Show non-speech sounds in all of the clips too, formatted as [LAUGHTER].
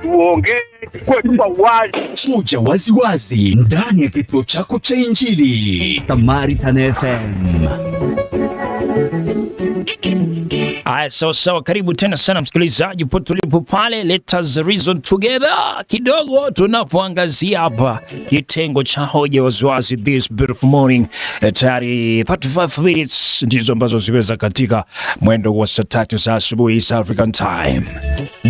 tuongee kwa uwazi, kuja waziwazi ndani ya kituo chako cha Injili Samaritan FM. Aya, sawa sawa, karibu tena sana msikilizaji, po tulipo pale, let us reason together kidogo, tunapoangazia hapa kitengo cha hoja waziwazi this beautiful morning. Eh, tayari 35 minutes ndizo ambazo ziweza katika mwendo wa saa tatu za asubuhi South African time.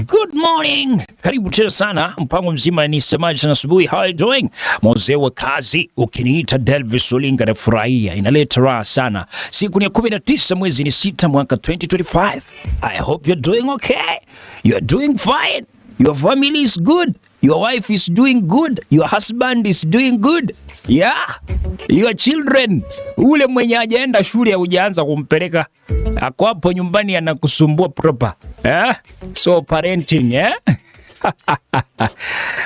Good morning, karibu tena sana. Mpango mzima ni semaji sana asubuhi, how are you doing? Mzee wa kazi, ukiniita Delvis Olinga nafurahia, inaleta raha sana. Siku ni 19 mwezi ni sita kupita mwaka 2025. I hope you're doing okay. You're doing fine. Your family is good. Your wife is doing good. Your husband is doing good. Yeah. Your children. Ule mwenye ajaenda shule haujaanza kumpeleka ako hapo nyumbani anakusumbua proper. Eh? So parenting, eh?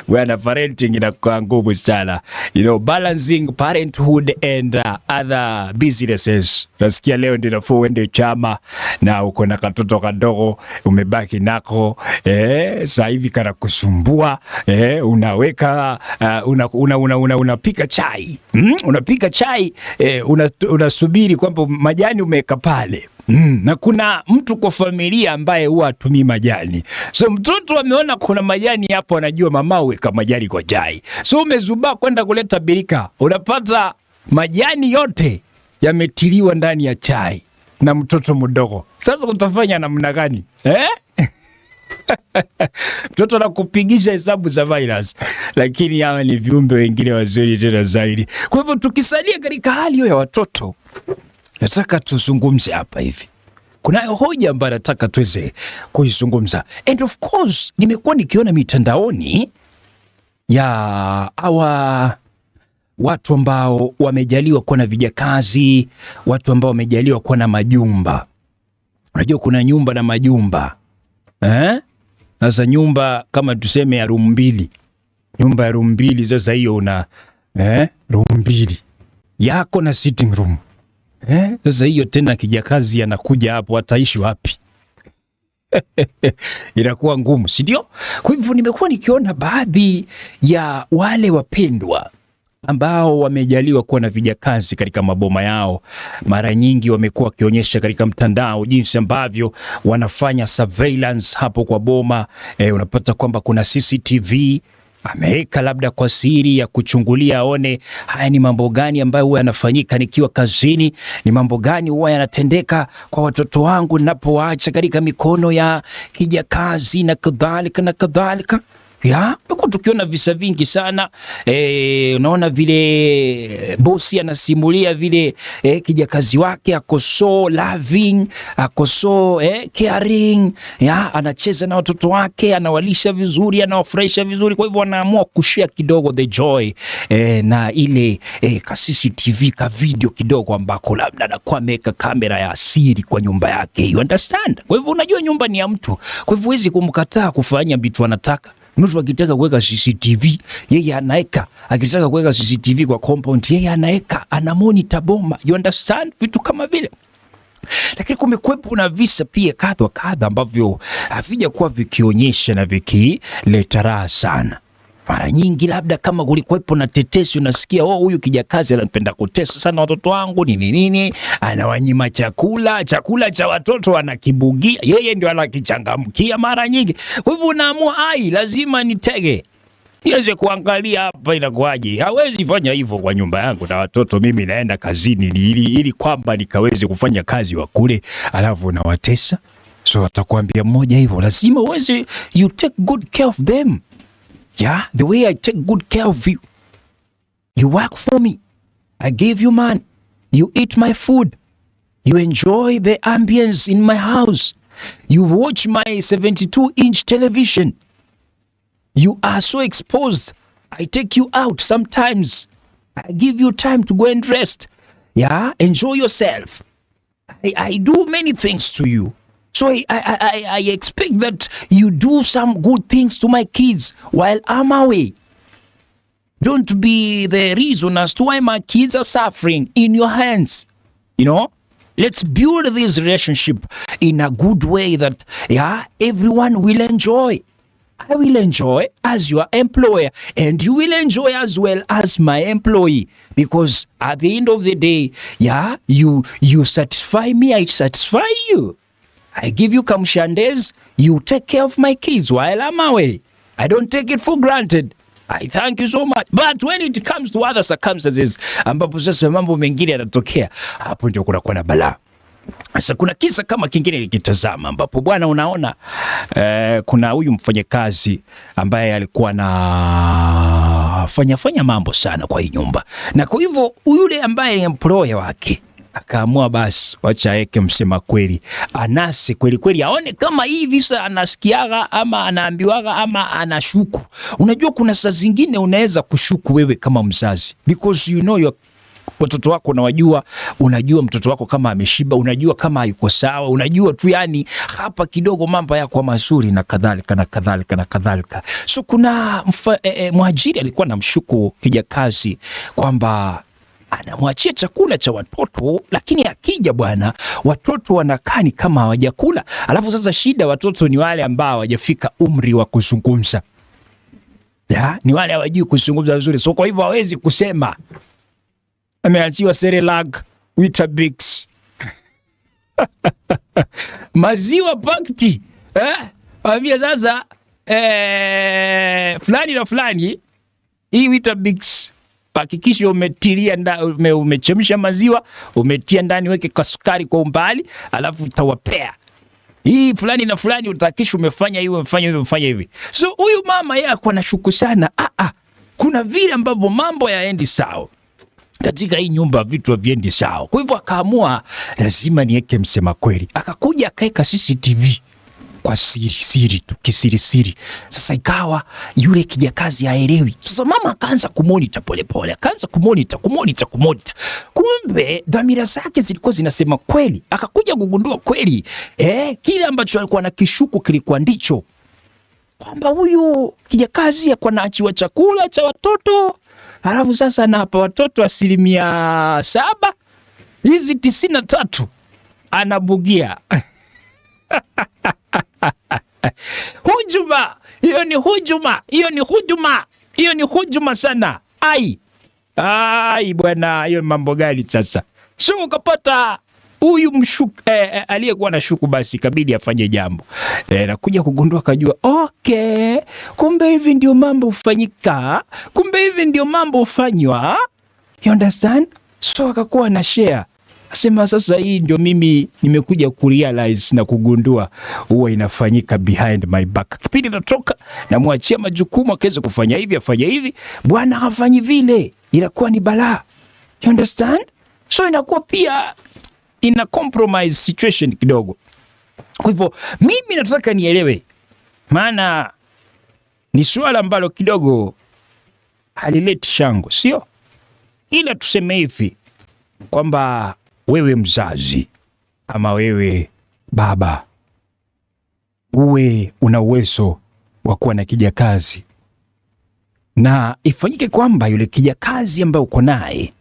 bwana [LAUGHS] parenting inakuwa ngumu sana, you know, balancing parenthood and uh, other businesses. Nasikia leo ndio nafuu uende chama na uko na katoto kadogo umebaki nako eh, sasa hivi kana kusumbua eh, unaweka uh, una, una, una, una, unapika chai mm? unapika chai eh, unasubiri una kwamba majani umeweka pale Mm, na kuna mtu kwa familia ambaye huwa atumii majani, so mtoto ameona kuna majani hapo, anajua mama weka majani kwa chai, so umezubaa kwenda kuleta birika, unapata majani yote yametiliwa ndani ya chai na mtoto mdogo. Sasa utafanya namna gani eh? [LAUGHS] mtoto anakupigisha hesabu za virus, lakini hawa ni viumbe wengine wazuri tena zaidi. Kwa hivyo tukisalia katika hali hiyo ya watoto nataka tuzungumze hapa hivi, kunayo hoja ambayo nataka tuweze kuizungumza. And of course nimekuwa nikiona mitandaoni ya awa watu ambao wamejaliwa kuwa na vijakazi, watu ambao wamejaliwa kuwa na majumba. Unajua kuna nyumba na majumba eh? Sasa nyumba kama tuseme ya room mbili, nyumba ya room mbili, sasa hiyo una eh, room mbili yako na sitting room Eh? Sasa hiyo tena kijakazi anakuja hapo, ataishi wapi? [LAUGHS] inakuwa ngumu, si ndio? Kwa hivyo nimekuwa nikiona baadhi ya wale wapendwa ambao wamejaliwa kuwa na vijakazi katika maboma yao, mara nyingi wamekuwa wakionyesha katika mtandao jinsi ambavyo wanafanya surveillance hapo kwa boma. E, unapata kwamba kuna CCTV ameweka labda kwa siri ya kuchungulia aone haya ni mambo gani ambayo huwa yanafanyika nikiwa kazini, ni mambo gani huwa yanatendeka kwa watoto wangu ninapowaacha katika mikono ya kijakazi na kadhalika na kadhalika ya tuko tukiona visa vingi sana e, unaona vile eh, bosi anasimulia vile e, kijakazi wake akoso loving akoso e, eh, caring ya anacheza na watoto wake, anawalisha vizuri, anawafurahisha vizuri. Kwa hivyo anaamua kushia kidogo the joy e, na ile e, ka CCTV ka video kidogo ambako labda anakuwa ameweka kamera ya siri kwa nyumba yake, you understand. Kwa hivyo unajua nyumba ni ya mtu, kwa hivyo huwezi kumkataa kufanya vitu anataka Mtu akitaka kuweka CCTV yeye anaeka, akitaka kuweka CCTV kwa compound yeye anaeka, ana monitor boma, you understand, vitu kama vile lakini kumekuwepo na visa pia kadha kadha ambavyo kuwa vikionyesha na vikileta raha sana mara nyingi labda kama kulikuwepo na tetesi, unasikia oh, huyu kijakazi anapenda kutesa sana watoto wangu nini nini, anawanyima chakula, chakula cha watoto anakibugia, yeye ndio anakichangamkia mara nyingi. Kwa hivyo unaamua ai, lazima nitege niweze kuangalia hapa inakuwaje. Hawezi fanya hivyo kwa nyumba yangu na watoto, mimi naenda kazini ili, ili kwamba nikaweze kufanya kazi wa kule, alafu nawatesa. So atakwambia mmoja hivyo, lazima uweze, you take good care of them Yeah, the way I take good care of you. You work for me. I give you money. You eat my food. You enjoy the ambience in my house. You watch my 72 inch television. You are so exposed. I take you out sometimes. I give you time to go and rest. Yeah, enjoy yourself. I, I do many things to you. So I, I, I, I expect that you do some good things to my kids while I'm away. Don't be the reason as to why my kids are suffering in your hands. You know? Let's build this relationship in a good way that, yeah, everyone will enjoy. I will enjoy as your employer, and you will enjoy as well as my employee. Because at the end of the day, yeah, you you satisfy me, I satisfy you. I give you kamshandes, you take care of my kids while I'm away. I don't take it for granted. I thank you so much. But when it comes to other circumstances ambapo sasa mambo mengine yanatokea, hapo ndio kunakuwa na balaa. Sasa kuna kisa kama kingine nikitazama, ambapo bwana, unaona eh, kuna huyu mfanyakazi ambaye alikuwa na fanya fanya mambo sana kwa hii nyumba, na kwa hivyo yule ambaye ni employer wake akaamua basi, wacha aweke msema kweli anase kweli kweli, aone kama hii visa anasikiaga ama anaambiwaga ama anashuku. Unajua kuna saa zingine unaweza kushuku wewe kama mzazi, because you know your watoto wako unawajua, unajua mtoto wako kama ameshiba, unajua kama yuko sawa, unajua tu yani hapa kidogo mambo yako mazuri na kadhalika na kadhalika na kadhalika. So kuna mfa, e, e, mwajiri alikuwa na mshuku kijakazi kwamba anamwachia chakula cha watoto, lakini akija bwana, watoto wanakaa ni kama hawajakula. Alafu sasa shida, watoto ni wale ambao hawajafika umri wa kuzungumza ya, ni wale hawajui kuzungumza vizuri, so kwa hivyo hawezi kusema. Ameachiwa Cerelac, Weetabix [LAUGHS] maziwa pakti eh? Ambia sasa eh, fulani na fulani hii Weetabix hakikisha umetilia ndani, umechemsha maziwa umetia ndani, weke kasukari kwa umbali, alafu utawapea hii fulani na fulani, utakisha umefanya hivi umefanya hivi umefanya hivi. So huyu mama yeye alikuwa anashuku sana, ah ah, kuna vile ambavyo mambo yaendi sawa katika hii nyumba vitu haviendi sawa. Kwa hivyo akaamua lazima niweke msema kweli. Akakuja akaweka CCTV kwa siri siri tu kisiri siri. Sasa ikawa yule kijakazi haelewi. Sasa mama akaanza kumonita polepole, akaanza kumonita kumonita kumonita, kumbe dhamira zake zilikuwa zinasema kweli. Akakuja kugundua kweli, eh, kile ambacho alikuwa na kishuku kilikuwa ndicho kwamba huyu kijakazi akuwa naachiwa chakula cha watoto alafu sasa anawapa watoto asilimia saba hizi tisini na tatu anabugia [LAUGHS] [LAUGHS] hujuma hiyo ni hujuma, hiyo ni hujuma, hiyo ni hujuma sana. Ai ai bwana, hiyo mambo gani sasa? So ukapata huyu mshuku eh, eh, aliyekuwa na shuku basi kabidi afanye jambo eh, na kuja kugundua kajua okay, kumbe hivi ndio mambo hufanyika, kumbe hivi ndio mambo hufanywa, you understand? So akakuwa na share Asema sasa, hii ndio mimi nimekuja kurealize na kugundua huwa inafanyika behind my back. Kipindi natoka namwachia majukumu, akaweza kufanya hivi afanye hivi, bwana hafanyi vile, inakuwa ni balaa. You understand? So inakuwa pia ina compromise situation kidogo. Kwa hivyo mimi nataka nielewe, maana ni swala ambalo kidogo halileti shangwe, sio ila tuseme hivi kwamba wewe mzazi ama wewe baba uwe una uwezo wa kuwa na kijakazi, na ifanyike kwamba yule kijakazi ambaye uko naye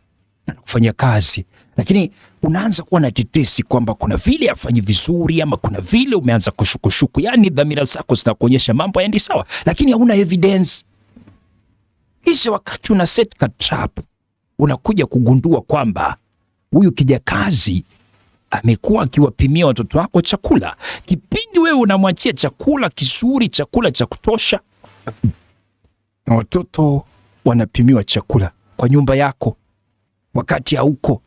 anakufanyia kazi, lakini unaanza kuwa na tetesi kwamba kuna vile afanyi vizuri, ama kuna vile umeanza kushukushuku, yani dhamira zako zinakuonyesha mambo haendi sawa, lakini hauna evidence. Hizo wakati una set trap unakuja kugundua kwamba huyu kijakazi amekuwa akiwapimia watoto wako chakula, kipindi wewe unamwachia chakula kizuri, chakula cha kutosha, na watoto wanapimiwa chakula kwa nyumba yako wakati hauko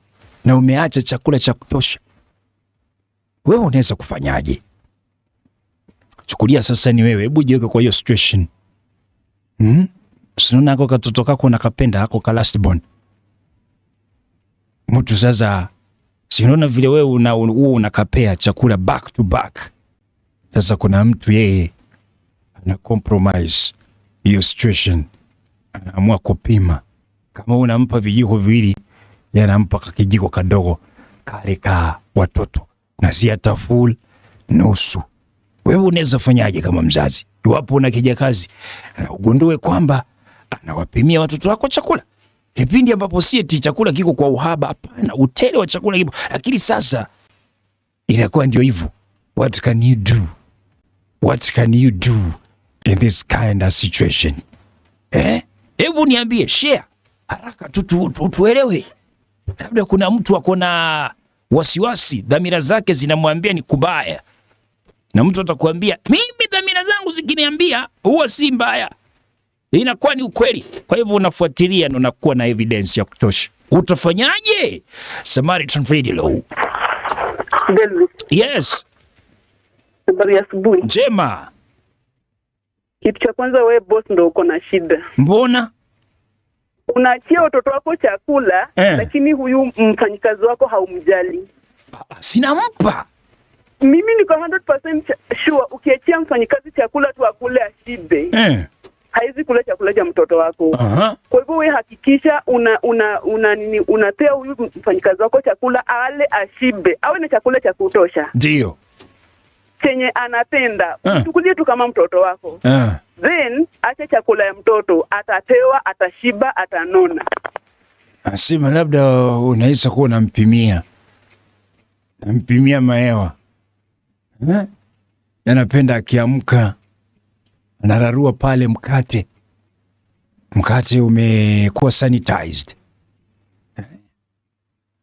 na umeacha chakula cha kutosha, wewe unaweza kufanyaje? Chukulia sasa ni wewe, hebu jiweke kwa hiyo situation. Hmm? Sinaona ako katoto kako nakapenda ako ka last born mtu sasa, si unaona vile wewe una huo unakapea chakula back to back. Sasa kuna mtu yeye ana compromise hiyo situation, anaamua kupima. Kama unampa vijiko viwili, yeye anampa kijiko kadogo kale ka watoto, na si hata full nusu. Wewe unaweza fanyaje kama mzazi, iwapo una kijakazi na ugundue kwamba anawapimia watoto wako chakula? kipindi ambapo si eti chakula kiko kwa uhaba, hapana, utele wa chakula kipo, lakini sasa inakuwa ndio hivyo. What can you do, what can you do in this kind of situation eh? Hebu niambie, share haraka tu tu tuelewe. Labda kuna mtu ako na wasiwasi, dhamira zake zinamwambia ni kubaya, na mtu atakwambia mimi dhamira zangu zikiniambia huwa si mbaya inakuwa ni ukweli. Kwa hivyo unafuatilia na unakuwa na evidence ya kutosha. Utafanyaje? Samaritan Radio. Yes. Habari ya asubuhi. Njema. Kitu cha kwanza, wewe boss ndio uko na shida. Mbona unaachia watoto wako chakula eh, lakini huyu mfanyikazi wako haumjali? Sinampa mimi, niko 100% sure ukiachia mfanyikazi chakula tu akule ashibe eh haizi kula chakula cha mtoto wako. Aha. Kwa hivyo wewe hakikisha una una una nini unapea huyu mfanyikazi wako chakula ale ashibe, awe na chakula cha kutosha. Ndio. Chenye anapenda. Ah. Mchukulie tu kama mtoto wako. Ah. Then acha chakula ya mtoto, atapewa, atashiba, atanona. Asima, labda unaisa kuwa unampimia nampimia mahewa, yanapenda eh? akiamka anararua pale mkate, mkate umekuwa sanitized,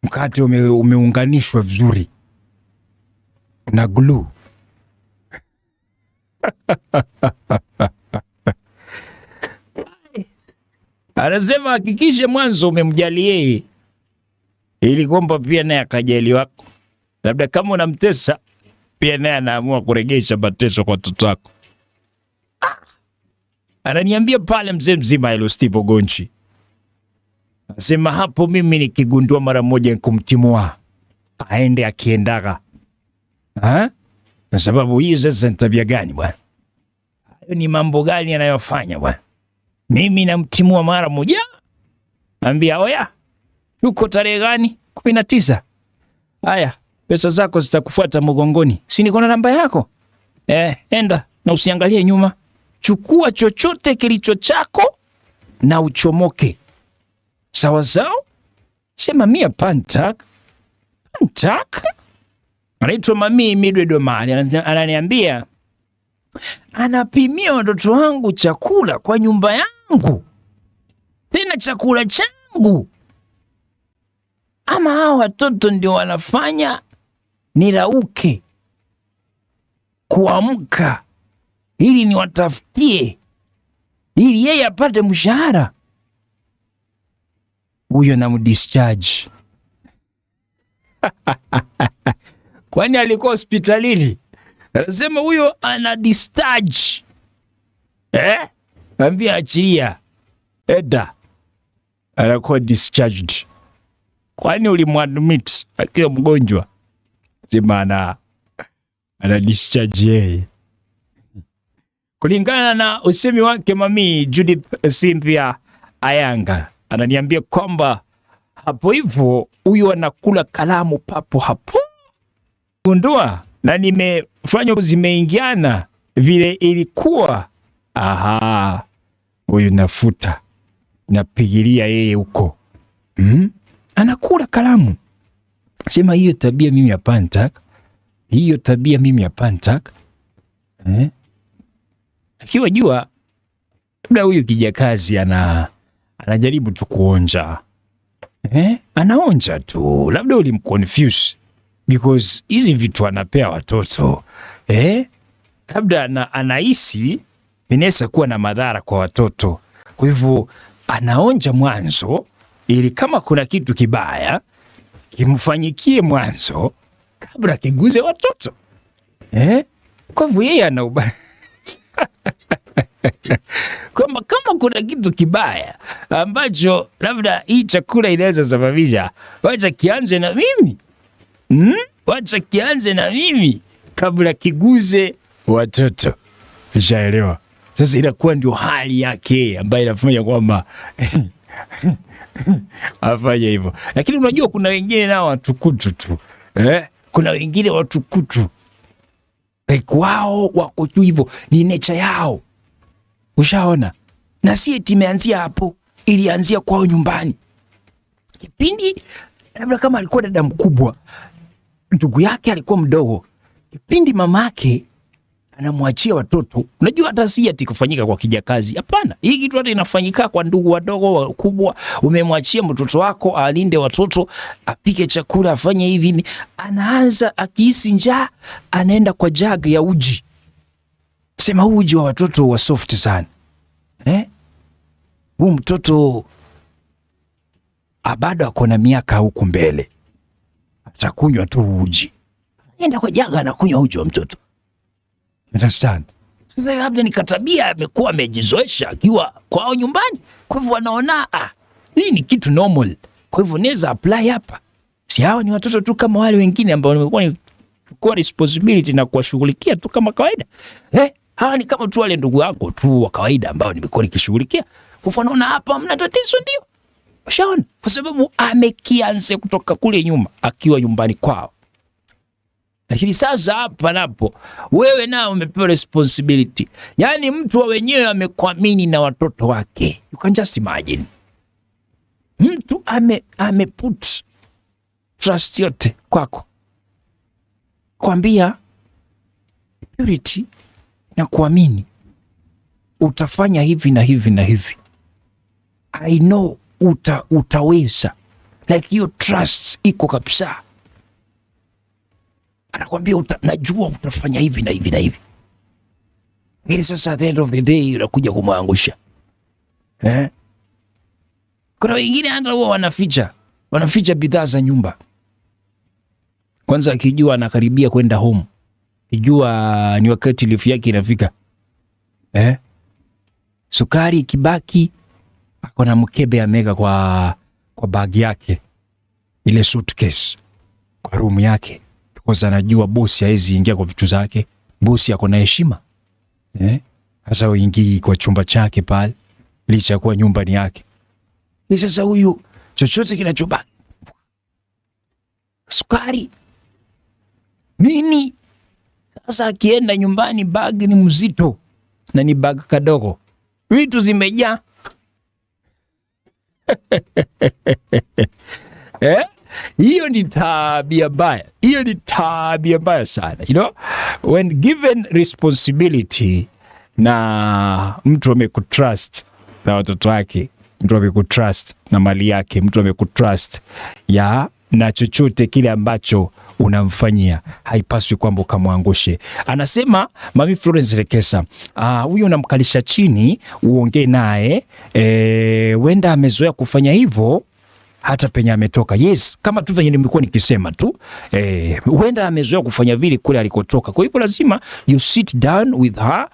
mkate ume, umeunganishwa vizuri na glue [LAUGHS] anasema hakikishe mwanzo umemjali yeye, ili kwamba pia naye akajali wako. Labda kama unamtesa pia naye anaamua kuregesha mateso kwa watoto wako. Ananiambia pale mzee mzima Elo Steve Ogonchi, Nasema hapo mimi nikigundua mara moja nikumtimua. Aende akiendaga. Ha? Kwa sababu hii sasa ni tabia gani bwana? Hayo ni mambo gani anayofanya bwana? Mimi namtimua mara moja. naambia oya. Yuko tarehe gani? 19. Haya, pesa zako zitakufuata mgongoni. Si niko na namba yako? Eh, enda na usiangalie nyuma chukua chochote kilicho chako na uchomoke. Sawa sawa, sema mia pantaka pantaka. Anaitwa Mami Midwe Domari ananiambia, anapimia watoto wangu chakula kwa nyumba yangu, tena chakula changu. Ama hao watoto ndio wanafanya nirauke kuamka ili niwatafutie, ili yeye apate mshahara huyo, na mdischarge [LAUGHS] kwani alikuwa hospitalini, anasema huyo ana discharge eh? Ambia achilia eda, anakuwa discharged. Kwani ulimwadmit akiwa mgonjwa, sema ana ana discharge yeye. Kulingana na usemi wake Mami Judith Cynthia Ayanga ananiambia kwamba hapo hivyo huyu anakula kalamu papo hapo gundua, na nimefanya zimeingiana vile ilikuwa. Aha, huyu nafuta napigilia yeye huko hmm? Anakula kalamu. Sema hiyo tabia mimi hapana, hiyo tabia mimi hapana, eh? Akiwa jua labda huyu kijakazi ana anajaribu tu kuonja eh, anaonja tu, labda ulimconfuse because hizi vitu anapea watoto eh, labda ana, anahisi vinaweza kuwa na madhara kwa watoto, kwa hivyo anaonja mwanzo, ili kama kuna kitu kibaya kimfanyikie mwanzo kabla kiguze watoto eh? Kwa hivyo yeye ana [LAUGHS] kwamba kama kuna kitu kibaya ambacho labda hii chakula inaweza sababisha, wacha kianze na mimi hmm? Wacha kianze na mimi kabla kiguze watoto. Shaelewa sasa, inakuwa ndio hali yake ambayo inafanya kwamba [LAUGHS] afanye hivyo, lakini unajua kuna wengine nao watukutu tu eh? kuna wengine watukutu like wao wako tu hivyo, ni nature yao. Ushaona? Na si eti imeanzia hapo, ilianzia kwao nyumbani. Kipindi labda kama alikuwa dada mkubwa, ndugu yake alikuwa mdogo, kipindi mamake anamwachia watoto. Unajua hata si ati kufanyika kwa kijakazi, hapana. Hii kitu hata inafanyika kwa ndugu wadogo wakubwa. Umemwachia mtoto wako alinde watoto, apike chakula, afanye hivi. Anaanza akihisi njaa, anaenda kwa jag ya uji. Sema huu uji wa watoto wa soft sana eh? Huu mtoto bado ako na miaka huku mbele, atakunywa tu uji. Anaenda kwa jaga, anakunywa uji wa mtoto understand? Sasa labda ni katabia amekuwa amejizoesha akiwa kwao nyumbani, kwa hivyo wanaona ah, hii ni kitu normal, kwa hivyo naweza apply hapa. Si hawa ni watoto tu kama wale wengine ambao nimekuwa nichukua responsibility na kuwashughulikia tu kama kawaida eh, hawa ni kama tu wale ndugu yako tu wa kawaida ambao nimekuwa nikishughulikia. Kwa hivyo naona hapa mna tatizo, ndio ushaona, kwa sababu amekianze kutoka kule nyuma akiwa nyumbani kwao. Lakini sasa hapa napo wewe nao umepewa responsibility, yaani mtu wa wenyewe amekuamini na watoto wake. You can just imagine mtu ame, ame put trust yote kwako, kwambia purity na kuamini utafanya hivi na hivi na hivi, I know uta, utaweza like your trust iko kabisa anakwambia uta, najua utafanya hivi na hivi na hivi, ili sasa the end of the day unakuja kumwangusha eh? Kuna wengine hata huwa wanaficha wanaficha bidhaa za nyumba, kwanza akijua anakaribia kwenda home, kijua ni wakati lifu yake inafika eh? Sukari kibaki ako na mkebe ameka kwa, kwa bag yake ile suitcase kwa room yake kwanza anajua bosi hawezi ingia kwa vitu zake. Bosi ako na heshima. Eh? Hasa uingii kwa chumba chake pale licha ya kuwa nyumba ni yake. Ni sasa huyu chochote kinachoba Sukari. Nini? Sasa akienda nyumbani bag ni mzito na ni bag kadogo. Vitu zimejaa. [LAUGHS] eh? Hiyo ni tabia mbaya, hiyo ni tabia mbaya sana. You know, when given responsibility na mtu amekutrust na watoto wake, mtu amekutrust na mali yake, mtu amekutrust ya na chochote kile ambacho unamfanyia haipaswi kwamba ukamwangushe. Anasema Mami Florence Rekesa, ah, huyo uh, unamkalisha chini uongee naye, wenda eh, amezoea kufanya hivyo hata penye ametoka. Yes, kama tu venye nimekuwa nikisema tu eh, huenda amezoea kufanya vile kule alikotoka. Kwa hivyo lazima you sit down with her,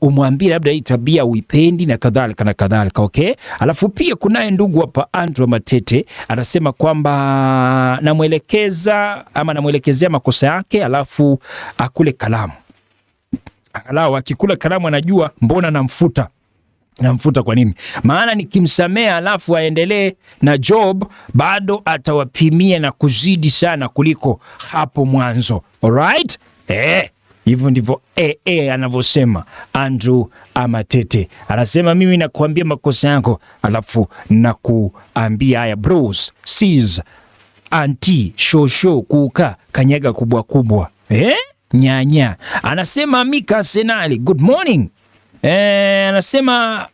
umwambie labda hii tabia uipendi na kadhalika na kadhalika, okay. Alafu pia kunaye ndugu hapa Andrew Matete anasema kwamba namwelekeza ama namwelekezea makosa yake, alafu akule kalamu, angalau akikula kalamu anajua mbona namfuta Namfuta kwa nini? Maana nikimsamea alafu aendelee na Job, bado atawapimia na kuzidi sana kuliko hapo mwanzo. Alright? Eh, hivyo ndivyo eh, eh, anavyosema Andrew Amatete. Anasema mimi nakuambia makosa yako, alafu nakuambia haya bros, sis, anti, shosho, kuka, kanyaga kubwa kubwa. Eh? Nyanya. Anasema Mika Senali, good morning. Eh, anasema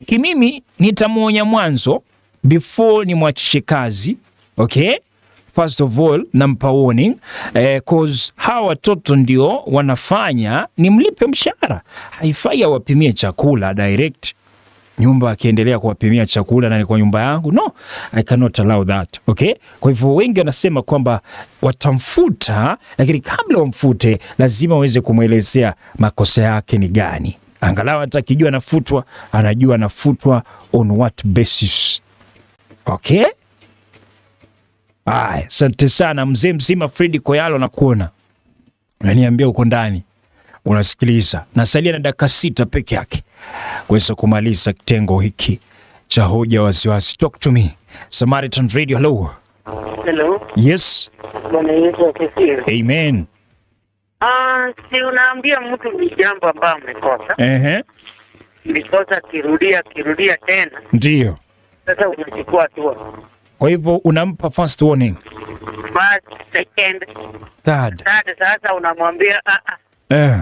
e, kimimi nitamwonya mwanzo before nimwachishe kazi. Okay, first of all nampa warning eh, cause hawa watoto ndio wanafanya nimlipe mshahara. Haifai awapimie chakula direct nyumba akiendelea kuwapimia chakula na ni kwa nyumba yangu, no I cannot allow that okay. Kwa hivyo wengi wanasema kwamba watamfuta, lakini kabla wamfute lazima waweze kumwelezea makosa yake ni gani, angalau hata akijua anafutwa, anajua anafutwa on what basis okay. Aya, asante sana mzee mzima Fredi Koyalo, nakuona naniambia uko ndani unasikiliza. Nasalia na dakika sita peke yake kuweza kumaliza kitengo hiki cha hoja wasiwasi. Talk to me Samaritan Radio. Hello. Hello. Yes. Bwana Yesu asifiwe. Amen. Ah, si unaambia mtu ni jambo ambalo amekosa. Ehe. Mikosa akirudia akirudia tena. Ndio. Sasa unachukua tu. Kwa hivyo unampa first warning. First, second, third. Third, sasa unamwambia ah, ah. Eh.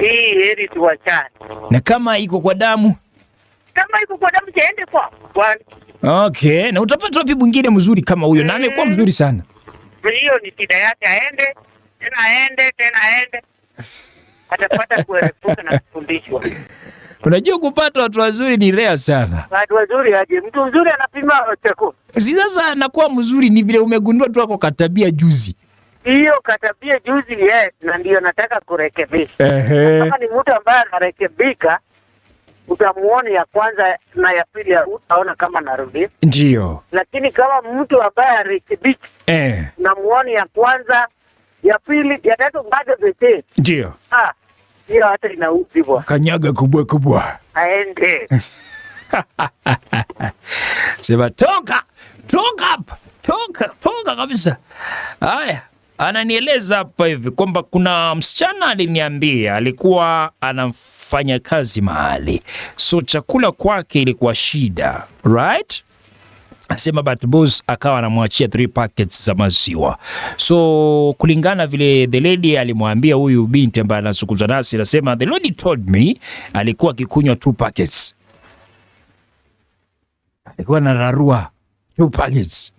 Hii heri tuwachane. Na kama iko kwa damu? Kama iko kwa damu chaende kwa. Bwana. Okay, na utapata wapi mwingine mzuri kama huyo? Mm. Na amekuwa mzuri sana. Eh, hiyo ni shida yake, aende tena aende tena aende. Atapata kuerefuka na kufundishwa. Unajua kupata watu wazuri ni rare sana. Watu wazuri aje? Mtu mzuri anapima chakula. Si sasa anakuwa mzuri, ni vile umegundua tu ako katabia juzi hiyo katabia juzi ye, na ndiyo nataka kurekebisha. Kama ni mtu ambaye anarekebika, utamuona ya kwanza na ya pili utaona kama narudi ndio. Lakini kama mtu ambaye arekebiki, eh, unamuona ya kwanza, ya pili, ya tatu bado vete, ndio ah, hiyo hata inauzi bwana, kanyaga kubwa kubwa, aende [LAUGHS] sema toka toka toka toka kabisa. Haya ananieleza hapa hivi kwamba kuna msichana aliniambia alikuwa anafanya kazi mahali, so chakula kwake ilikuwa shida right? Asema boss akawa anamwachia 3 packets za maziwa. So kulingana vile the lady alimwambia huyu binti ambaye anazungumza nasi, anasema the lady told me alikuwa akikunywa 2 packets, alikuwa anararua 2 packets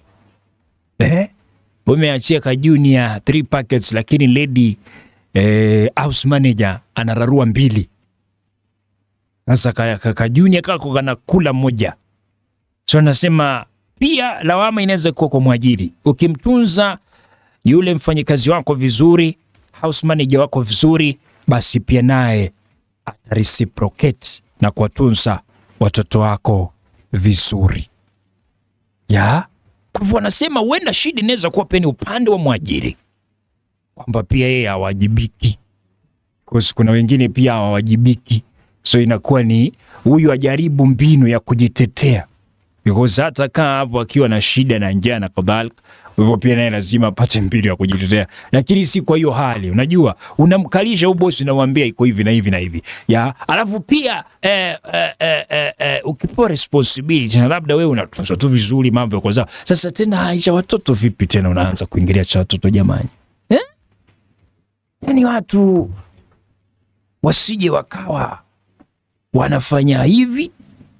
eh? umeachia ka junior three packets, lakini lady eh, house manager anararua mbili. Sasa ka, ka, ka junior kako kula moja, so nasema pia lawama inaweza kuwa kwa mwajiri. Ukimtunza yule mfanyikazi wako vizuri, house manager wako vizuri, basi pia naye atareciprocate na kuwatunza watoto wako vizuri ya kwa hivyo wanasema huenda shida inaweza kuwa pia ni upande wa mwajiri, kwamba pia yeye hawajibiki. Kuna wengine pia hawawajibiki, so inakuwa ni huyu ajaribu mbinu ya kujitetea because hata kaa hapo akiwa na shida na njaa na kadhalika hivyo pia naye lazima apate mbinu ya kujitetea, lakini si kwa hiyo hali. Unajua, unamkalisha huyo bosi, unamwambia iko hivi na hivi na hivi ya alafu pia eh, eh, eh, eh, eh, ukipewa responsibility na labda wewe unatunzwa tu vizuri, mambo yako sawa. Sasa tena haisha watoto vipi tena? Unaanza kuingilia cha watoto jamani, eh? Yani watu wasije wakawa wanafanya hivi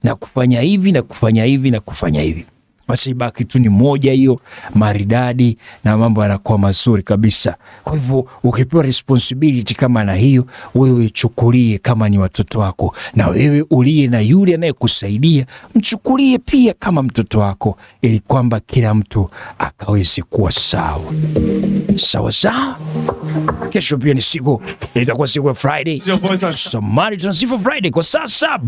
na kufanya hivi na kufanya hivi na kufanya hivi basi ibaki tu ni moja hiyo maridadi na mambo yanakuwa mazuri kabisa. Kwa hivyo ukipewa responsibility kama na hiyo, wewe chukulie kama ni watoto wako, na wewe uliye na yule anayekusaidia mchukulie pia kama mtoto wako, ili kwamba kila mtu akaweze kuwa sawa sawa sawa. Kesho pia ni siku itakuwa siku ya Friday, Samaritan Sifa Friday kwa sasa.